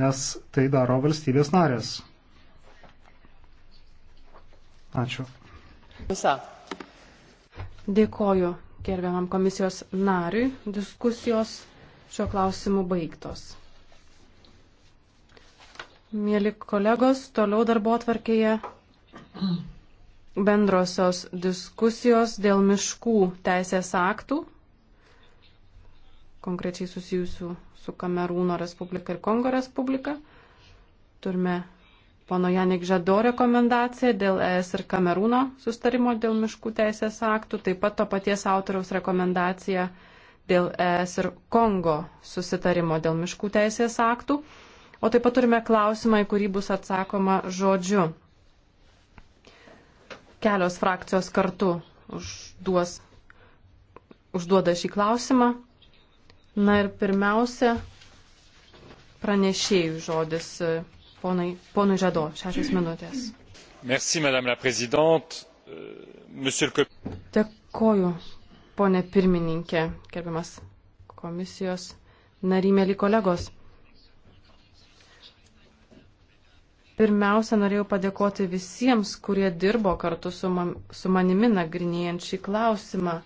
nes tai daro valstybės narės. Ačiū. Visa. Dėkoju gerbiamam komisijos nariui. Diskusijos šiuo klausimu baigtos. Mėly kolegos, toliau darbo atvarkėje bendrosios diskusijos dėl miškų teisės aktų konkrečiai susijusių su Kamerūno Respublika ir Kongo Respublika. Turime pono Janik Žado rekomendaciją dėl ES ir Kamerūno sustarimo dėl miškų teisės aktų, taip pat to paties autoriaus rekomendacija dėl ES ir Kongo susitarimo dėl miškų teisės aktų. O taip pat turime klausimą, į kurį bus atsakoma žodžiu. Kelios frakcijos kartu užduos, užduoda šį klausimą. Na ir pirmiausia, pranešėjų žodis e, ponai, ponui Žado, šešias minutės. Merci, madame la présidente. Euh, monsieur le... Dėkoju, ponė pirmininkė, gerbiamas komisijos narymėly kolegos. Pirmiausia, norėjau padėkoti visiems, kurie dirbo kartu su, man, su manimi nagrinėjant šį klausimą.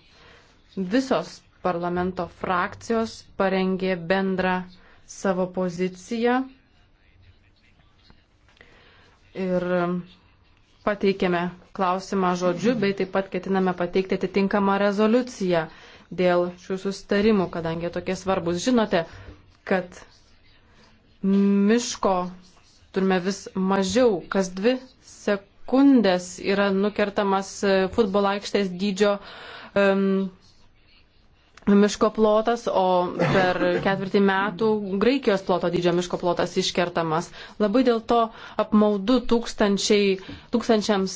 Visos parlamento frakcijos parengė bendrą savo poziciją ir pateikėme klausimą žodžiu, bei taip pat ketiname pateikti atitinkamą rezoliuciją dėl šių sustarimų, kadangi tokie svarbus. Žinote, kad miško turime vis mažiau, kas dvi sekundės yra nukertamas futbolo aikštės dydžio um, miško plotas, o per ketvirtį metų Graikijos ploto dydžio miško plotas iškertamas. Labai dėl to apmaudu tūkstančiams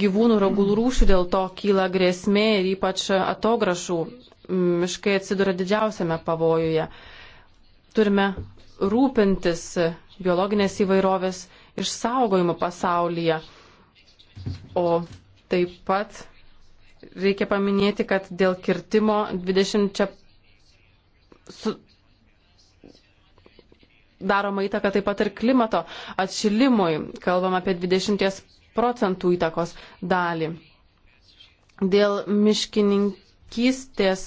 gyvūnų ragulų rūšių dėl to kyla grėsmė ir ypač atograšų miškai atsiduria didžiausiame pavojuje. Turime rūpintis biologinės įvairovės išsaugojimu pasaulyje. O taip pat reikia paminėti, kad dėl kirtimo 20 čia su, daroma įtaka taip pat ir klimato atšilimui. Kalbam apie 20 procentų įtakos dalį. Dėl miškininkystės.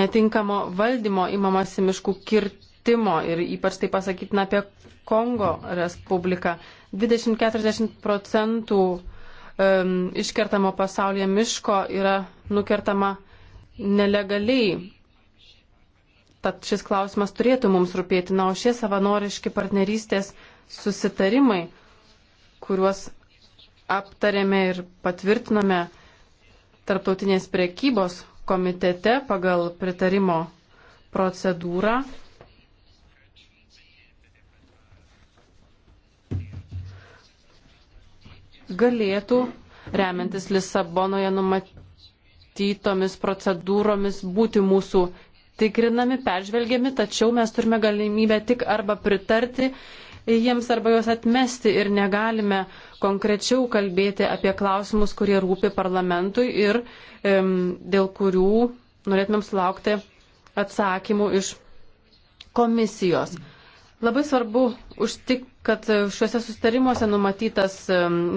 Netinkamo valdymo įmamasi miškų kirtimų plitimo ir ypač tai pasakytina apie Kongo Respubliką. 20-40 procentų um, iškertamo pasaulyje miško yra nukertama nelegaliai. Tad šis klausimas turėtų mums rūpėti. Na, o šie savanoriški partnerystės susitarimai, kuriuos aptarėme ir patvirtinome Tarptautinės priekybos komitete pagal pritarimo procedūrą, galėtų, remiantis Lisabonoje numatytomis procedūromis, būti mūsų tikrinami, peržvelgiami, tačiau mes turime galimybę tik arba pritarti jiems arba juos atmesti ir negalime konkrečiau kalbėti apie klausimus, kurie rūpi parlamentui ir um, dėl kurių norėtumėm sulaukti atsakymų iš komisijos. Mm. Labai svarbu užtik, kad šiuose sustarimuose numatytas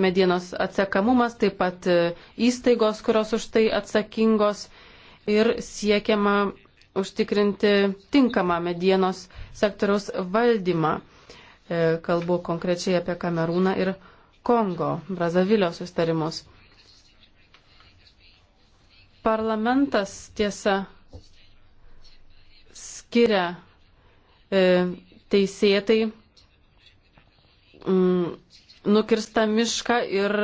medienos atsekamumas, taip pat e, įstaigos, kurios už tai atsakingos ir siekiama užtikrinti tinkamą medienos sektoriaus valdymą. E, kalbu konkrečiai apie Kamerūną ir Kongo, Brazavilio sustarimus. Parlamentas tiesa skiria e, teisėtai mm, nukirsta mišką ir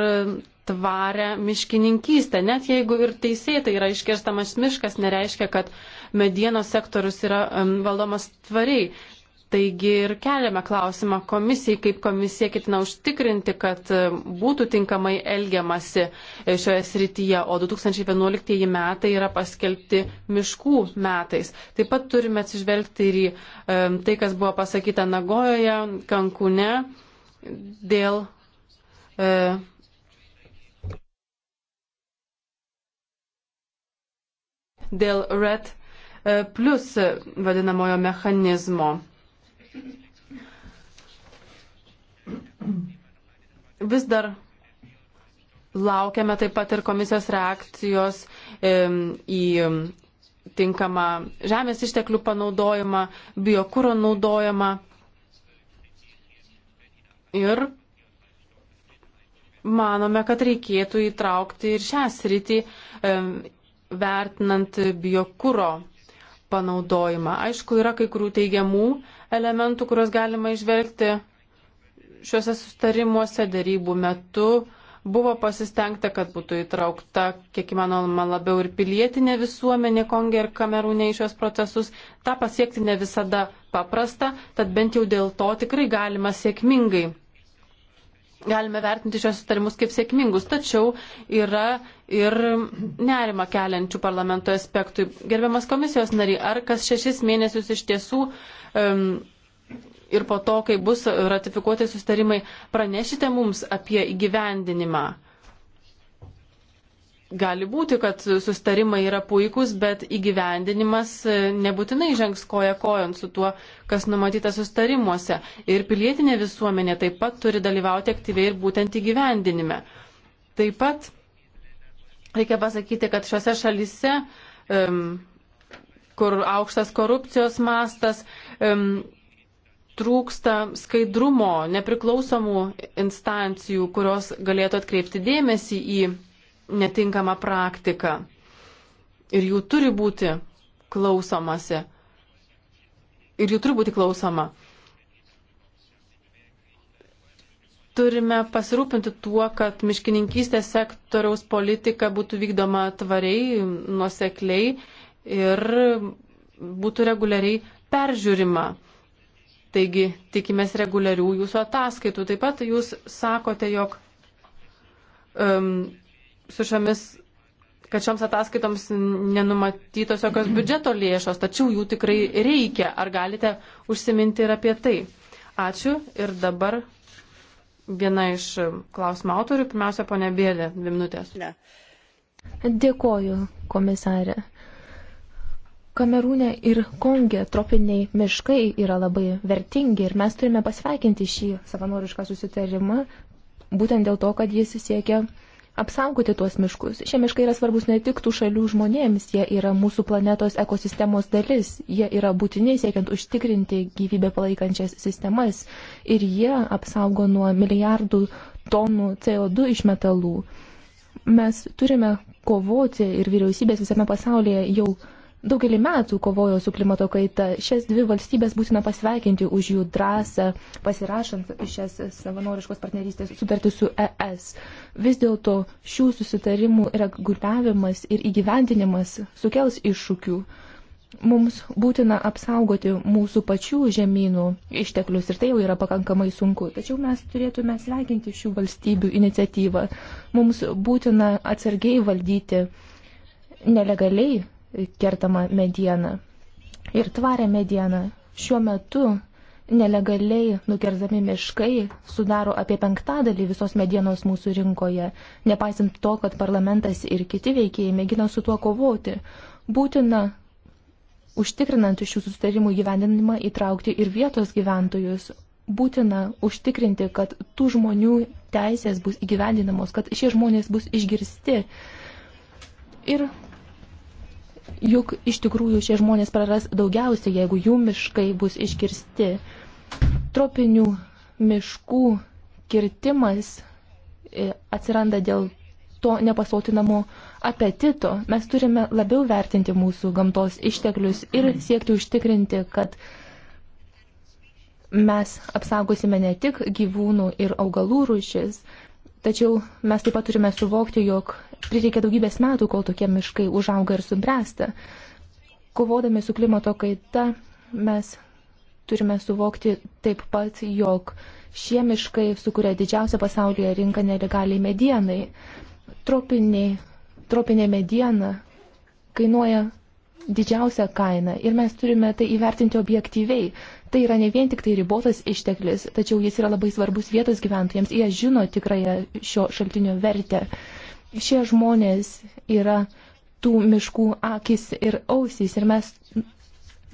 tvarę miškininkystę. Net jeigu ir teisėtai yra iškirstamas miškas, nereiškia, kad medienos sektorius yra um, valdomas tvariai. Taigi ir keliame klausimą komisijai, kaip komisija ketina užtikrinti, kad būtų tinkamai elgiamasi šioje srityje, o 2011 metai yra paskelbti miškų metais. Taip pat turime atsižvelgti ir į e, tai, kas buvo pasakyta Nagojoje, Kankune dėl. E, dėl RED e, plus vadinamojo mechanizmo. Vis dar laukiame taip pat ir komisijos reakcijos į tinkamą žemės išteklių panaudojimą, biokūro naudojimą. Ir manome, kad reikėtų įtraukti ir šią sritį vertinant biokūro panaudojimą. Aišku, yra kai kurių teigiamų elementų, kuriuos galima išvelgti šiuose sustarimuose darybų metu. Buvo pasistengta, kad būtų įtraukta, kiek įmanoma, labiau ir pilietinė visuomenė Kongė ir Kamerūnė į šios procesus. Ta pasiekti ne visada paprasta, tad bent jau dėl to tikrai galima sėkmingai galime vertinti šios sutarimus kaip sėkmingus, tačiau yra ir nerima keliančių parlamento aspektų. Gerbiamas komisijos nariai, ar kas šešis mėnesius iš tiesų um, ir po to, kai bus ratifikuoti sustarimai, pranešite mums apie įgyvendinimą? gali būti, kad sustarimai yra puikus, bet įgyvendinimas e, nebūtinai žengs koja kojant su tuo, kas numatyta sustarimuose. Ir pilietinė visuomenė taip pat turi dalyvauti aktyviai ir būtent įgyvendinime. Taip pat reikia pasakyti, kad šiuose šalise, um, kur aukštas korupcijos mastas, um, trūksta skaidrumo, nepriklausomų instancijų, kurios galėtų atkreipti dėmesį į netinkamą praktiką. Ir jų turi būti klausomasi. Ir jų turi būti klausoma. Turime pasirūpinti tuo, kad miškininkystės sektoriaus politika būtų vykdoma tvariai, nuosekliai ir būtų reguliariai peržiūrima. Taigi tikimės reguliarių jūsų ataskaitų. Taip pat jūs sakote, jog um, su šiomis, kad šioms ataskaitoms nenumatytos jokios biudžeto lėšos, tačiau jų tikrai reikia. Ar galite užsiminti ir apie tai? Ačiū ir dabar viena iš klausimų autorių, pirmiausia, ponė Bėlė, dvi minutės. Ne. Dėkoju, komisarė. Kamerūne ir Konge tropiniai miškai yra labai vertingi ir mes turime pasveikinti šį savanorišką susitarimą, būtent dėl to, kad jis siekia apsaugoti tuos miškus. Šie miškai yra svarbus ne tik tų šalių žmonėms, jie yra mūsų planetos ekosistemos dalis, jie yra būtini siekiant užtikrinti gyvybę palaikančias sistemas ir jie apsaugo nuo milijardų tonų CO2 išmetalų. Mes turime kovoti ir vyriausybės visame pasaulyje jau daugelį metų kovojo su klimato kaita. Šias dvi valstybės būtina pasveikinti už jų drąsą pasirašant šias savanoriškos partnerystės sutartį su ES. Vis dėlto šių susitarimų reguliavimas ir įgyvendinimas sukels iššūkių. Mums būtina apsaugoti mūsų pačių žemynų išteklius ir tai jau yra pakankamai sunku. Tačiau mes turėtume sveikinti šių valstybių iniciatyvą. Mums būtina atsargiai valdyti nelegaliai kertama mediena ir tvarę medieną. Šiuo metu nelegaliai nukertami miškai sudaro apie penktadalį visos medienos mūsų rinkoje, nepaisant to, kad parlamentas ir kiti veikėjai mėgina su tuo kovoti. Būtina užtikrinant šių sustarimų gyvendinimą įtraukti ir vietos gyventojus. Būtina užtikrinti, kad tų žmonių teisės bus įgyvendinamos, kad šie žmonės bus išgirsti. Ir Juk iš tikrųjų šie žmonės praras daugiausiai, jeigu jų miškai bus iškirsti. Tropinių miškų kirtimas e, atsiranda dėl to nepasotinamo apetito. Mes turime labiau vertinti mūsų gamtos išteklius ir siekti užtikrinti, kad mes apsaugosime ne tik gyvūnų ir augalų rūšis, tačiau mes taip pat turime suvokti, jog prireikia daugybės metų, kol tokie miškai užauga ir subręsta. Kovodami su klimato kaita mes turime suvokti taip pat, jog šie miškai sukuria didžiausią pasaulyje rinką nelegaliai medienai. Tropiniai, tropinė mediena kainuoja didžiausią kainą ir mes turime tai įvertinti objektyviai. Tai yra ne vien tik tai ribotas išteklis, tačiau jis yra labai svarbus vietos gyventojams. Jie žino tikrąją šio šaltinio vertę. Šie žmonės yra tų miškų akis ir ausys ir mes,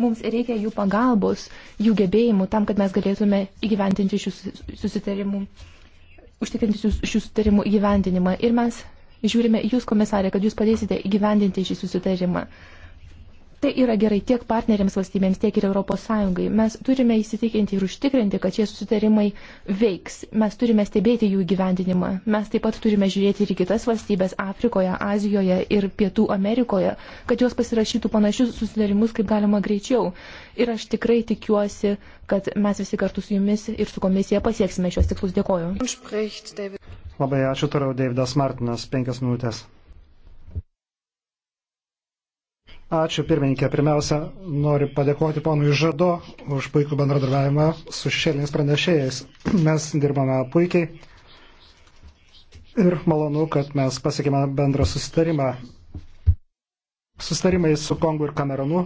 mums reikia jų pagalbos, jų gebėjimų tam, kad mes galėtume įgyventinti šių susitarimų, užtikrinti šių, šių susitarimų įgyventinimą. Ir mes žiūrime jūs, komisarė, kad jūs padėsite įgyvendinti šį susitarimą. Uh, Tai yra gerai tiek partneriams valstybėms, tiek ir ES. Mes turime įsitikinti ir užtikrinti, kad šie susitarimai veiks. Mes turime stebėti jų gyvendinimą. Mes taip pat turime žiūrėti ir kitas valstybės Afrikoje, Azijoje ir Pietų Amerikoje, kad jos pasirašytų panašius susitarimus kaip galima greičiau. Ir aš tikrai tikiuosi, kad mes visi kartu su jumis ir su komisija pasieksime šios tikslus. Dėkoju. Labai ačiū, toliau Davidas Martinas, penkias minutės. Ačiū pirmininkė. Pirmiausia, noriu padėkoti ponui Žado už puikų bendradarbiavimą su šešėliniais pranešėjais. Mes dirbame puikiai ir malonu, kad mes pasiekime bendrą susitarimą. Susitarimai su Kongu ir Kameronu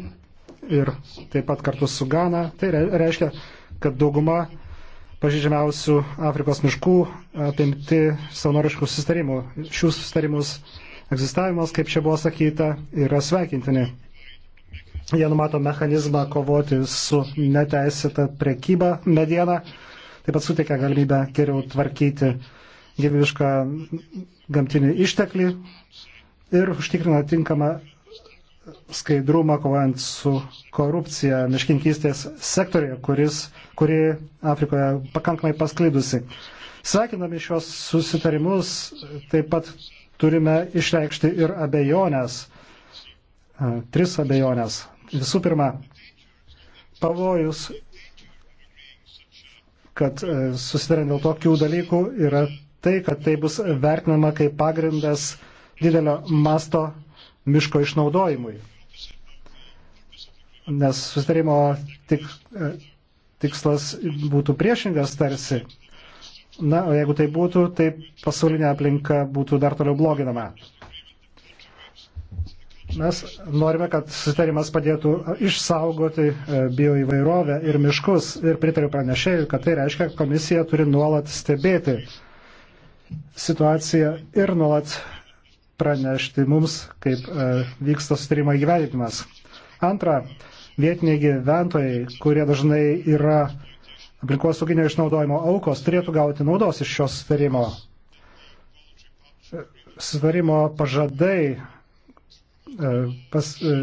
ir taip pat kartu su Gana. Tai reiškia, kad dauguma pažydžiamiausių Afrikos miškų apimti savanoriškų susitarimų. Šių susitarimus egzistavimas, kaip čia buvo sakyta, yra sveikintini. Jie numato mechanizmą kovoti su neteisėta prekyba mediena, taip pat suteikia galimybę geriau tvarkyti gyvybišką gamtinį išteklį ir užtikrina tinkamą skaidrumą kovojant su korupcija miškinkystės sektorėje, kuris, kuri Afrikoje pakankamai pasklydusi. Sveikinami šios susitarimus, taip pat turime išreikšti ir abejonės, e, tris abejonės. Visų pirma, pavojus, kad e, susidarant dėl tokių dalykų yra tai, kad tai bus vertinama kaip pagrindas didelio masto miško išnaudojimui. Nes susitarimo tik, e, tikslas būtų priešingas tarsi Na, o jeigu tai būtų, tai pasaulinė aplinka būtų dar toliau bloginama. Mes norime, kad susitarimas padėtų išsaugoti e, bioįvairovę ir miškus ir pritariu pranešėjui, kad tai reiškia, kad komisija turi nuolat stebėti situaciją ir nuolat pranešti mums, kaip e, vyksta sutarimo įgyvendinimas. Antra, vietiniai gyventojai, kurie dažnai yra aplinkosauginio išnaudojimo aukos turėtų gauti naudos iš šios svarimo. Svarimo pažadai e, pas, e,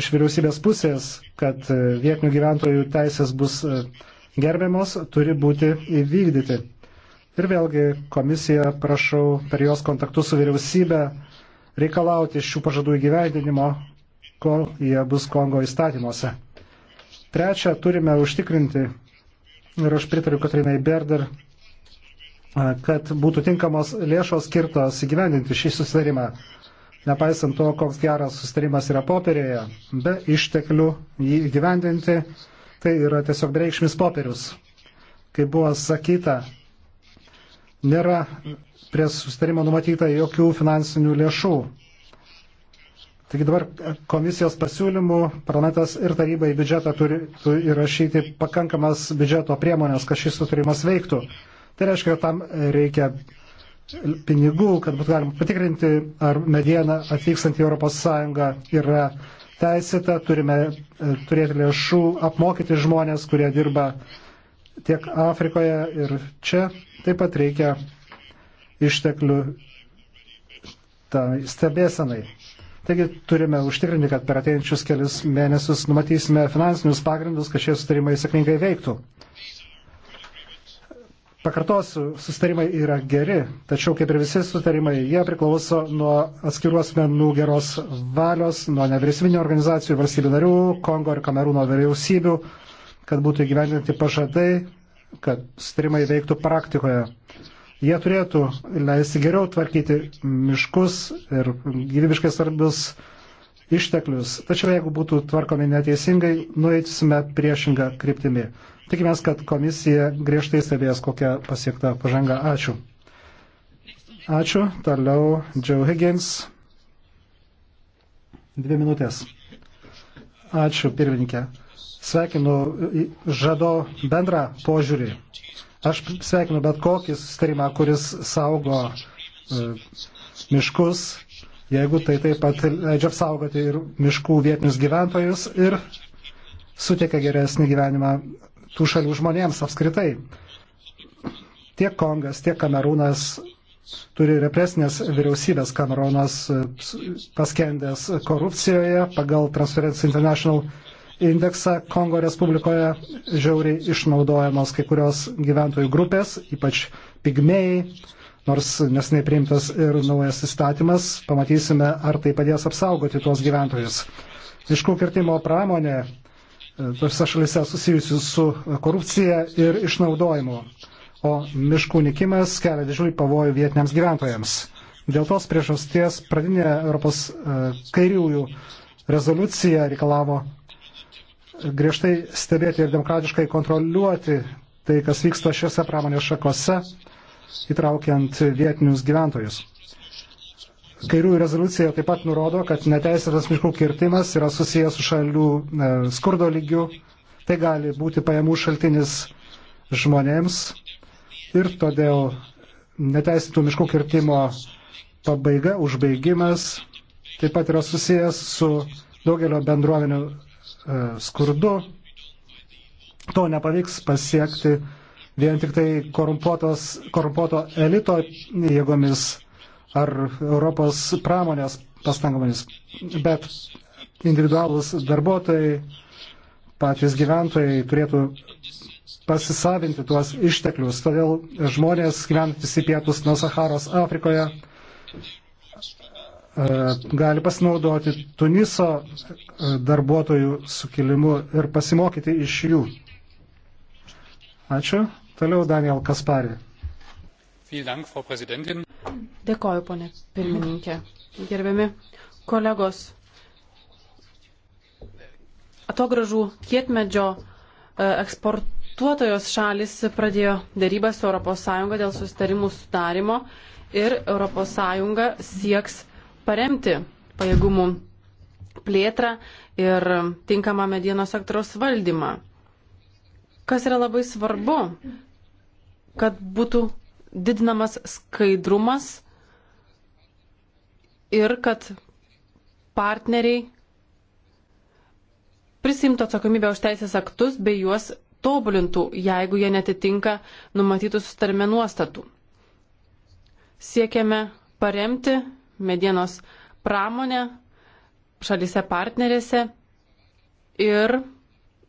iš vyriausybės pusės, kad e, vietinių gyventojų teisės bus gerbiamos, turi būti įvykdyti. Ir vėlgi komisija, prašau, per jos kontaktus su vyriausybė reikalauti šių pažadų įgyvendinimo, kol jie bus Kongo įstatymuose. Trečia, turime užtikrinti, ir aš pritariu Katrinai Berder, kad būtų tinkamos lėšos skirtos įgyvendinti šį susitarimą. Nepaisant to, koks geras susitarimas yra popierėje, be išteklių jį įgyvendinti, tai yra tiesiog bereikšmis popierius. Kaip buvo sakyta, nėra prie susitarimo numatyta jokių finansinių lėšų. Taigi dabar komisijos pasiūlymų parlamentas ir taryba į biudžetą turi, turi įrašyti pakankamas biudžeto priemonės, kad šis sutarimas veiktų. Tai reiškia, kad tam reikia pinigų, kad būtų galima patikrinti, ar mediena atvykstant į ES yra teisėta, turime e, turėti lėšų apmokyti žmonės, kurie dirba tiek Afrikoje ir čia. Taip pat reikia išteklių tai stebėsenai. Taigi turime užtikrinti, kad per ateinančius kelius mėnesius numatysime finansinius pagrindus, kad šie sustarimai sėkmingai veiktų. Pakartosiu, sustarimai yra geri, tačiau kaip ir visi sustarimai, jie priklauso nuo atskirų asmenų geros valios, nuo nevyriausybinio organizacijų, valstybių narių, Kongo ir Kamerūno vyriausybių, kad būtų įgyvendinti pažadai, kad sustarimai veiktų praktikoje. Jie turėtų leisti geriau tvarkyti miškus ir gyvybiškai svarbius išteklius. Tačiau jeigu būtų tvarkomi neteisingai, nueitsime priešingą kryptimį. Tikimės, kad komisija griežtai stebės, kokia pasiekta pažanga. Ačiū. Ačiū. Toliau Joe Higgins. Dvi minutės. Ačiū, pirmininkė. Sveikinu Žado bendrą požiūrį. Aš sveikinu bet kokį sustarimą, kuris saugo e, miškus, jeigu tai taip pat leidžia apsaugoti ir miškų vietinius gyventojus ir suteikia geresnį gyvenimą tų šalių žmonėms apskritai. Tiek Kongas, tiek Kamerūnas turi represinės vyriausybės. Kamerūnas e, paskendęs korupcijoje pagal Transparency International indeksą Kongo Respublikoje žiauriai išnaudojamos kai kurios gyventojų grupės, ypač pigmėjai, nors nesnei priimtas ir naujas įstatymas, pamatysime, ar tai padės apsaugoti tuos gyventojus. Miškų kirtimo pramonė e, tose šalise susijusi su korupcija ir išnaudojimu, o miškų nikimas kelia didžiulį pavojų vietiniams gyventojams. Dėl tos priežasties pradinė Europos e, kairiųjų rezoliucija reikalavo griežtai stebėti ir demokratiškai kontroliuoti tai, kas vyksta šiuose pramonės šakose, įtraukiant vietinius gyventojus. Kairiųjų rezoliucija taip pat nurodo, kad neteisėtas miškų kirtimas yra susijęs su šalių e, skurdo lygiu. Tai gali būti pajamų šaltinis žmonėms ir todėl neteisėtų miškų kirtimo pabaiga, užbaigimas taip pat yra susijęs su daugelio bendruomenių E, skurdu. To nepavyks pasiekti vien tik tai korumpuoto elito jėgomis ar Europos pramonės pastangomis, bet individualus darbuotojai, patys gyventojai turėtų pasisavinti tuos išteklius. Todėl žmonės gyvenantis į pietus nuo Saharos Afrikoje E, gali pasinaudoti Tuniso e, darbuotojų sukilimu ir pasimokyti iš jų. Ačiū. Toliau Daniel Kasparė. Dėkoju, ponė pirmininkė. Gerbiami kolegos, atogražų kietmedžio e, eksportuotojos šalis pradėjo dėrybą su ES dėl susitarimų sudarimo ir ES sieks paremti pajėgumų plėtrą ir tinkamą medienos sektoriaus valdymą. Kas yra labai svarbu, kad būtų didinamas skaidrumas ir kad partneriai prisimtų atsakomybę už teisės aktus bei juos tobulintų, jeigu jie netitinka numatytų sustarme nuostatų. Siekiame paremti medienos pramonę šalise partnerėse ir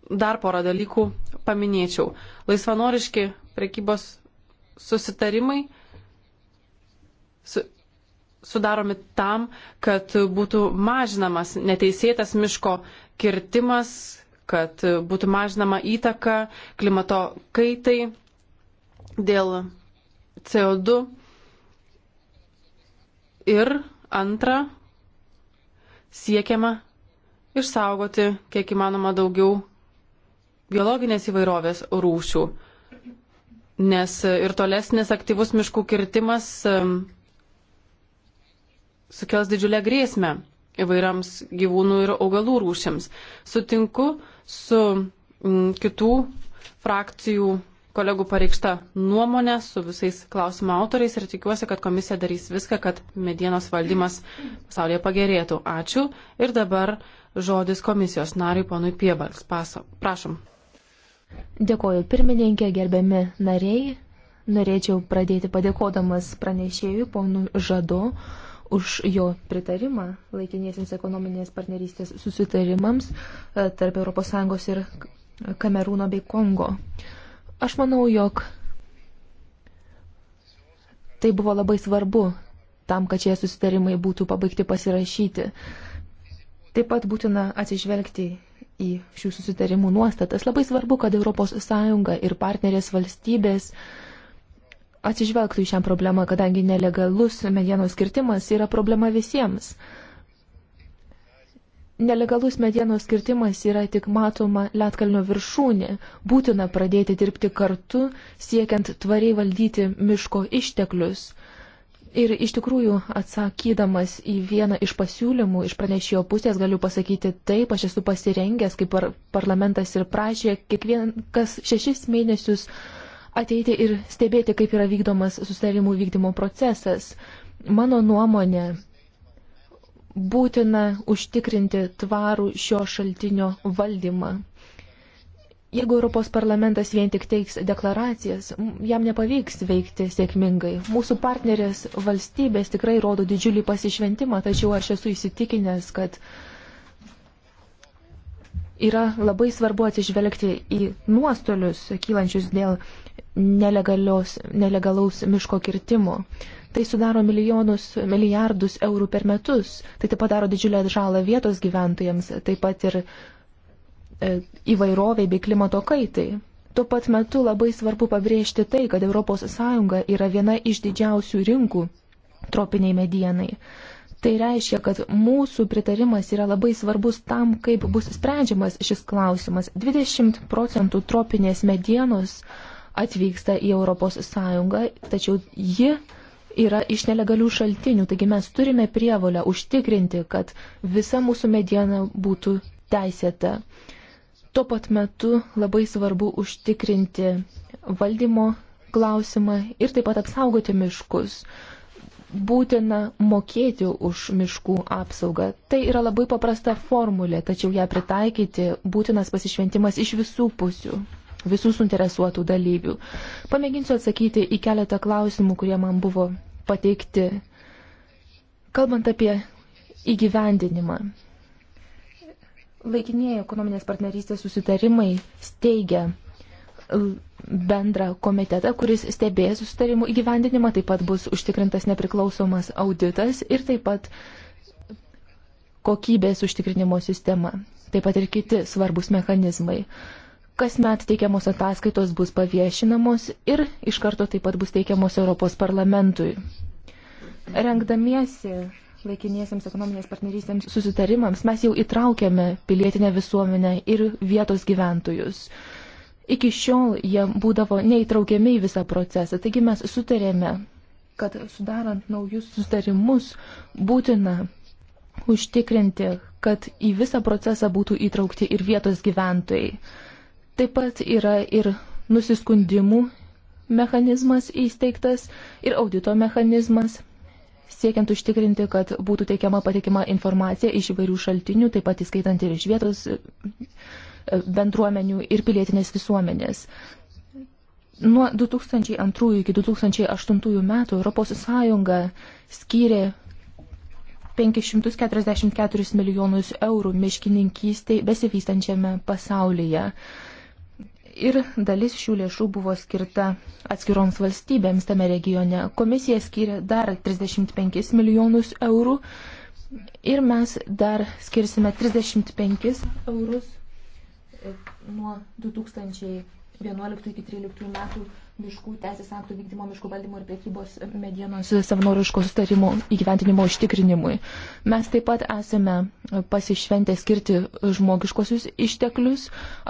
dar porą dalykų paminėčiau. Laisvanoriški prekybos susitarimai su, sudaromi tam, kad būtų mažinamas neteisėtas miško kirtimas, kad būtų mažinama įtaka klimato kaitai dėl CO2 Ir antra, siekiama išsaugoti kiek įmanoma daugiau biologinės įvairovės rūšių, nes ir tolesnis aktyvus miškų kirtimas sukels didžiulę grėsmę įvairiams gyvūnų ir augalų rūšiams. Sutinku su kitų frakcijų kolegų pareikšta nuomonė su visais klausimo autoriais ir tikiuosi, kad komisija darys viską, kad medienos valdymas pasaulyje pagerėtų. Ačiū. Ir dabar žodis komisijos nariui ponui Piebals. Paso. Prašom. Dėkoju pirmininkė, gerbiami nariai. Norėčiau pradėti padėkodamas pranešėjui ponui Žadu už jo pritarimą laikiniesiams ekonominės partnerystės susitarimams eh, tarp ES ir Kamerūno bei Kongo. Uh, Aš manau, jog tai buvo labai svarbu tam, kad šie susitarimai būtų pabaigti pasirašyti. Taip pat būtina atsižvelgti į šių susitarimų nuostatas. Labai svarbu, kad ES ir partnerės valstybės atsižvelgtų į šią problemą, kadangi nelegalus medienos kirtimas yra problema visiems. Nelegalus medienos kirtimas yra tik matoma Lietkalnio viršūnė. Būtina pradėti dirbti kartu, siekiant tvariai valdyti miško išteklius. Ir iš tikrųjų, atsakydamas į vieną iš pasiūlymų iš pranešėjo pusės, galiu pasakyti taip, aš esu pasirengęs, kaip par parlamentas ir prašė, kiekvienas šešis mėnesius ateiti ir stebėti, kaip yra vykdomas susitarimų vykdymo procesas. Mano nuomonė, būtina užtikrinti tvarų šio šaltinio valdymą. Jeigu Europos parlamentas vien tik teiks deklaracijas, jam nepavyks veikti sėkmingai. Mūsų partnerės valstybės tikrai rodo didžiulį pasišventimą, tačiau aš esu įsitikinęs, kad uh, yra labai svarbu atsižvelgti į nuostolius kylančius dėl nelegalaus miško kirtimo. Tai sudaro milijonus, milijardus eurų per metus. Tai taip pat daro didžiulę žalą vietos gyventojams, taip pat ir e, įvairoviai bei klimato kaitai. Tuo pat metu labai svarbu pabrėžti tai, kad ES yra viena iš didžiausių rinkų tropiniai medienai. Tai reiškia, kad mūsų pritarimas yra labai svarbus tam, kaip bus sprendžiamas šis klausimas. 20 procentų tropinės medienos atvyksta į ES, tačiau ji yra iš nelegalių šaltinių, taigi mes turime prievolę užtikrinti, kad visa mūsų mediena būtų teisėta. Tuo pat metu labai svarbu užtikrinti valdymo klausimą ir taip pat apsaugoti miškus būtina mokėti už miškų apsaugą. Tai yra labai paprasta formulė, tačiau ją pritaikyti būtinas pasišventimas iš visų pusių visų suinteresuotų dalyvių. Pamėginsiu atsakyti į keletą klausimų, kurie man buvo pateikti. Kalbant apie įgyvendinimą. Laikinėje ekonominės partnerystės susitarimai steigia bendrą komitetą, kuris stebės sustarimų įgyvendinimą, taip pat bus užtikrintas nepriklausomas auditas ir taip pat kokybės užtikrinimo sistema, taip pat ir kiti svarbus mechanizmai. Kasmet teikiamos ataskaitos bus paviešinamos ir iš karto taip pat bus teikiamos Europos parlamentui. Rengdamiesi laikiniesiams ekonominės partnerystėms susitarimams mes jau įtraukėme pilietinę visuomenę ir vietos gyventojus. Iki šiol jie būdavo neįtraukiami į visą procesą, taigi mes sutarėme, kad sudarant naujus sustarimus būtina užtikrinti, kad į visą procesą būtų įtraukti ir vietos gyventojai. Taip pat yra ir nusiskundimų mechanizmas įsteigtas ir audito mechanizmas, siekiant užtikrinti, kad būtų teikiama patikima informacija iš įvairių šaltinių, taip pat įskaitant ir iš vietos bendruomenių ir pilietinės visuomenės. Nuo 2002 iki 2008 metų ES skyrė 544 milijonus eurų miškininkystai besivystančiame pasaulyje. Ir dalis šių lėšų buvo skirta atskiroms valstybėms tame regione. Komisija skyrė dar 35 milijonus eurų ir mes dar skirsime 35 eurus nuo 2011 iki 2013 metų miškų teisės aktų vykdymo miškų valdymo ir priekybos medienos savanoriško sustarimo įgyventinimo užtikrinimui. Mes taip pat esame pasišventę skirti žmogiškosius išteklius.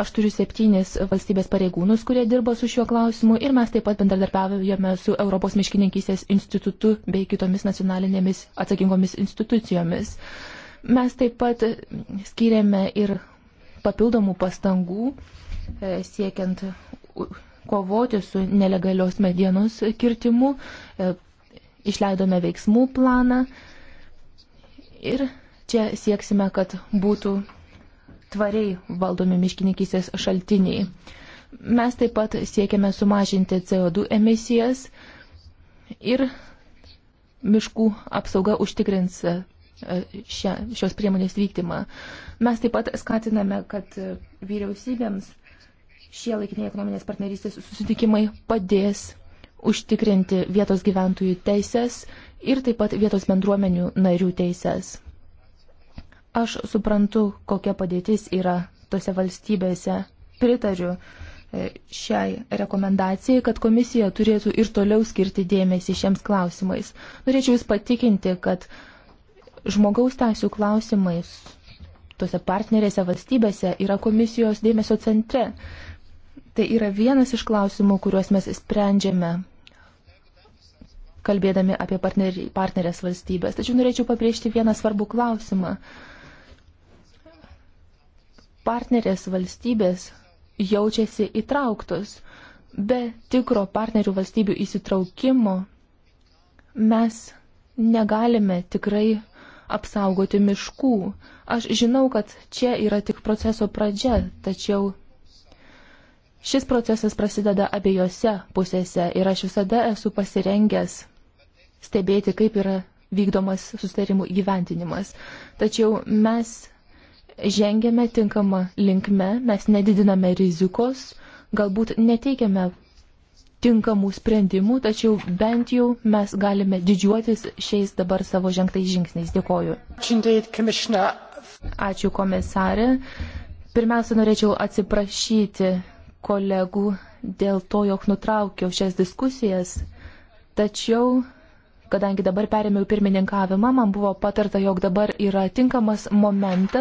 Aš turiu septynis valstybės pareigūnus, kurie dirba su šiuo klausimu ir mes taip pat bendradarbiavome su Europos miškininkystės institutu bei kitomis nacionalinėmis atsakingomis institucijomis. Mes taip pat skiriame ir papildomų pastangų e, siekiant kovoti su nelegalios medienos kirtimu, e, išleidome veiksmų planą ir čia sieksime, kad būtų tvariai valdomi miškininkysės šaltiniai. Mes taip pat siekiame sumažinti CO2 emisijas ir miškų apsauga užtikrins E, šia, šios priemonės vykdymą. Mes taip pat skatiname, kad vyriausybėms šie laikiniai ekonominės partnerystės susitikimai padės užtikrinti vietos gyventojų teises ir taip pat vietos bendruomenių narių teises. Aš suprantu, kokia padėtis yra tose valstybėse. Pritariu e, šiai rekomendacijai, kad komisija turėtų ir toliau skirti dėmesį šiems klausimais. Norėčiau Jūs patikinti, kad Žmogaus teisų klausimais tose partnerėse valstybėse yra komisijos dėmesio centre. Tai yra vienas iš klausimų, kuriuos mes sprendžiame, kalbėdami apie partnerį, partnerės valstybės. Tačiau norėčiau pabrėžti vieną svarbų klausimą. Partnerės valstybės jaučiasi įtrauktos. Be tikro partnerių valstybių įsitraukimo mes negalime tikrai apsaugoti miškų. Aš žinau, kad čia yra tik proceso pradžia, tačiau šis procesas prasideda abiejose pusėse ir aš visada esu pasirengęs stebėti, kaip yra vykdomas sustarimų gyventinimas. Tačiau mes žengėme tinkamą linkme, mes nedidiname rizikos, galbūt neteikiame tinkamų sprendimų, tačiau bent jau mes galime didžiuotis šiais dabar savo žengtais žingsniais. Dėkoju. Ačiū komisarė. Pirmiausia, norėčiau atsiprašyti kolegų dėl to, jog nutraukiau šias diskusijas, tačiau kadangi dabar perėmiau pirmininkavimą, man buvo patarta, jog dabar yra tinkamas momentas.